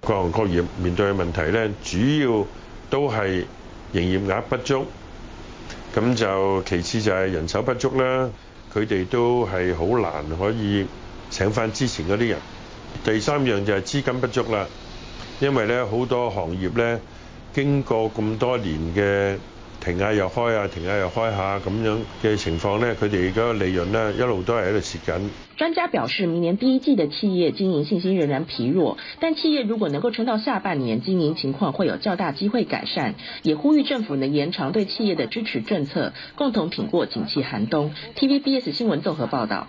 各行各業面對嘅問題呢，主要都係營業額不足，咁就其次就係人手不足啦。佢哋都係好難可以請返之前嗰啲人。第三樣就係資金不足啦，因為呢好多行業呢，經過咁多年嘅。停下又開啊，停下又開下，咁樣嘅情況呢，佢哋而家利潤呢，一路都係喺度蝕緊。專家表示，明年第一季嘅企業經營信心仍然疲弱，但企業如果能夠撐到下半年，經營情況會有較大機會改善。也呼籲政府能延長對企業嘅支持政策，共同挺過景氣寒冬。TVBS 新聞綜合報導。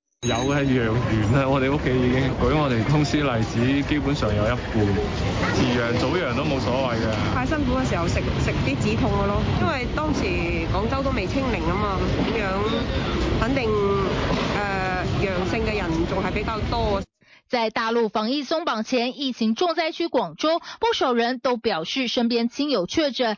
有嘅陽完啦，我哋屋企已經舉我哋公司例子，基本上有一半，遲陽早陽都冇所謂嘅。太辛苦嘅時候食食啲止痛嘅咯，因為當時廣州都未清零啊嘛，咁樣肯定誒陽性嘅人仲係比較多。在大陸防疫鬆綁前，疫情重災區廣州，不少人都表示身邊親友確診。